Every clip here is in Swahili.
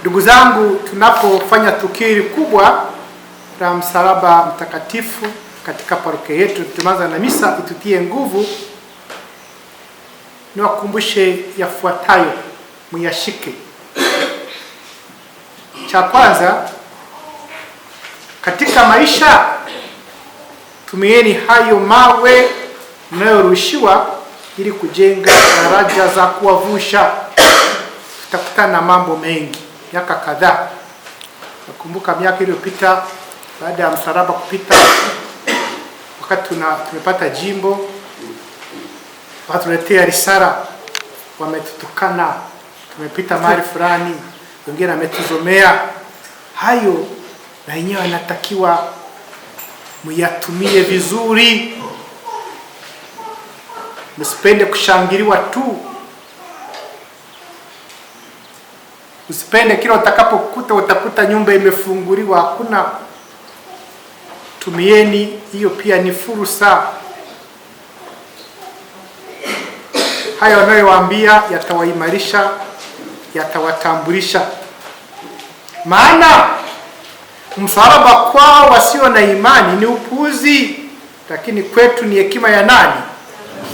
Ndugu zangu, tunapofanya tukio hili kubwa la msalaba mtakatifu katika parokia yetu, tumeanza na misa itutie nguvu. Niwakumbushe yafuatayo, muyashike. Cha kwanza, katika maisha tumieni hayo mawe mnayorushiwa ili kujenga daraja za kuwavusha. Tutakutana na mambo mengi miaka kadhaa. Nakumbuka miaka iliyopita baada ya msalaba kupita, wakati tuna tumepata jimbo, wakatuletea risara, wametutukana, tumepita mahali fulani, wengine wametuzomea. Hayo na yenyewe anatakiwa muyatumie vizuri, msipende kushangiliwa tu Usipende kila utakapokuta utakuta nyumba imefunguliwa, hakuna. Tumieni hiyo, pia ni fursa. Hayo anayowaambia yatawaimarisha, yatawatambulisha, maana msalaba kwao wasio na imani ni upuuzi, lakini kwetu ni hekima ya nani?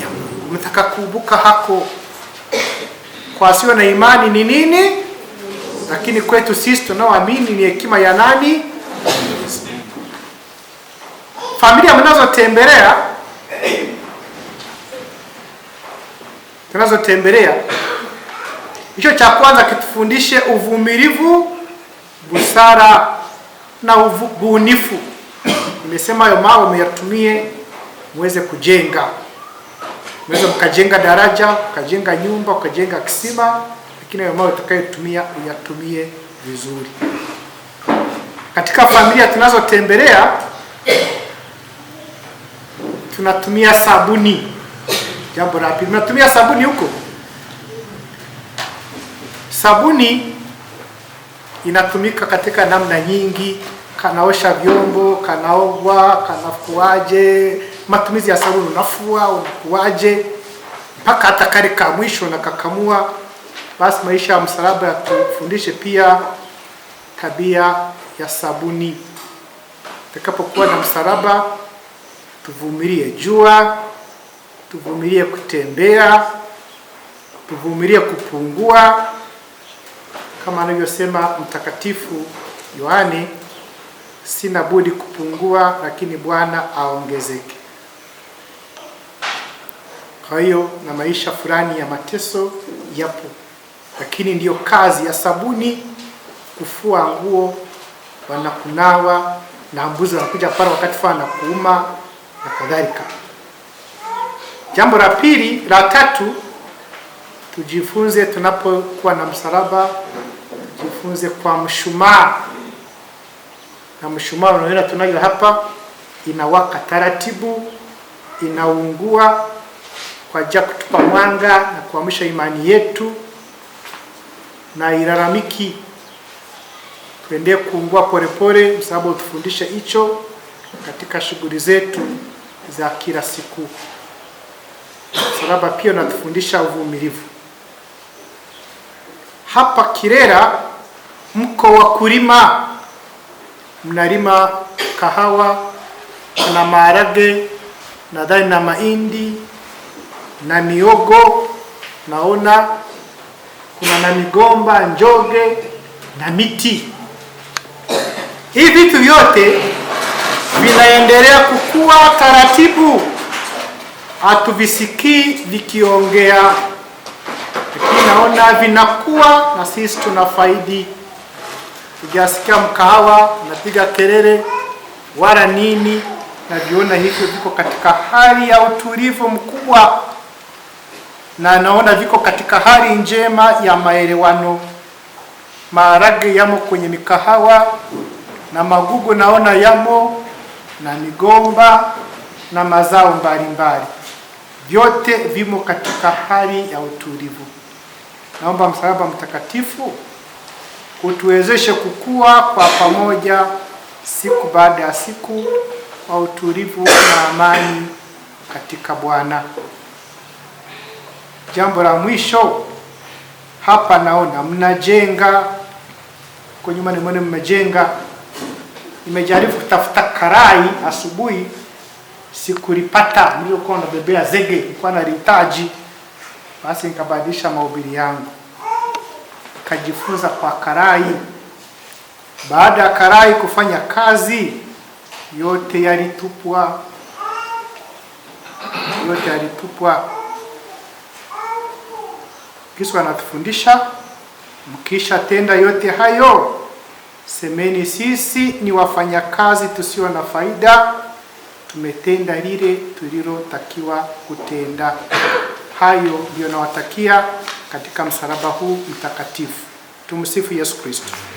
Ya Mungu. Mtakakumbuka hako kwa wasio na imani ni nini? lakini kwetu sisi tunaoamini ni hekima ya nani? Familia mnazotembelea tunazotembelea, hicho cha kwanza kitufundishe uvumilivu, busara na ubunifu. Nimesema hayo mambo muyatumie muweze kujenga, muweze mkajenga daraja, mkajenga nyumba, mkajenga kisima lakini hayo mawe utakayotumia uyatumie vizuri. Katika familia tunazotembelea tunatumia sabuni. Jambo la pili, tunatumia sabuni huko. Sabuni inatumika katika namna nyingi, kanaosha vyombo, kanaogwa, kanafuaje, matumizi ya sabuni, unafua, unakuaje, mpaka hata kale ka mwisho kakamua basi maisha ya msalaba yatufundishe pia tabia ya sabuni. Tutakapokuwa na msalaba, tuvumilie jua, tuvumilie kutembea, tuvumilie kupungua, kama anavyosema Mtakatifu Yohane, sina budi kupungua, lakini Bwana aongezeke. Kwa hiyo na maisha fulani ya mateso yapo lakini ndiyo kazi ya sabuni, kufua nguo, wanakunawa na mbuzi wanakuja pale wakati faa na kuuma na kadhalika. Jambo la pili, la tatu, tujifunze tunapokuwa na msalaba, tujifunze kwa mshumaa, na mshumaa unaona tunayo hapa, inawaka taratibu, inaungua kwa ajili ya kutupa mwanga na kuamsha imani yetu na ilalamiki. Tuendelee kuungua polepole, msababu tufundishe hicho katika shughuli zetu za kila siku. Msalaba pia unatufundisha uvumilivu. Hapa Kirera mko wakulima, mnalima kahawa na maharage nadhani na mahindi na miogo naona kuna na migomba, njoge na miti. Hivi vitu vyote vinaendelea kukua taratibu, hatuvisikii vikiongea, lakini naona vinakuwa na sisi tunafaidi. Ujasikia mkahawa napiga kelele wala nini, naviona hivyo viko katika hali ya utulivu mkubwa na naona viko katika hali njema ya maelewano. Maharage yamo kwenye mikahawa na magugu naona yamo na migomba na mazao mbalimbali, vyote vimo katika hali ya utulivu. Naomba msalaba mtakatifu utuwezeshe kukua kwa pamoja siku baada ya siku kwa utulivu na amani katika Bwana. Jambo la mwisho hapa naona mnajenga kwa nyuma, nimwone mmejenga. Nimejaribu kutafuta karai asubuhi, sikulipata. Nilikuwa na bebea zege, nilikuwa nalihitaji, basi nikabadilisha mahubiri yangu, nikajifunza kwa karai. Baada ya karai kufanya kazi, yote yalitupwa, yote yalitupwa. Kristo anatufundisha mkisha tenda yote hayo, semeni sisi ni wafanyakazi tusio na faida, tumetenda lile tulilotakiwa kutenda. Hayo ndiyo nawatakia katika msalaba huu mtakatifu. Tumsifu Yesu Kristo.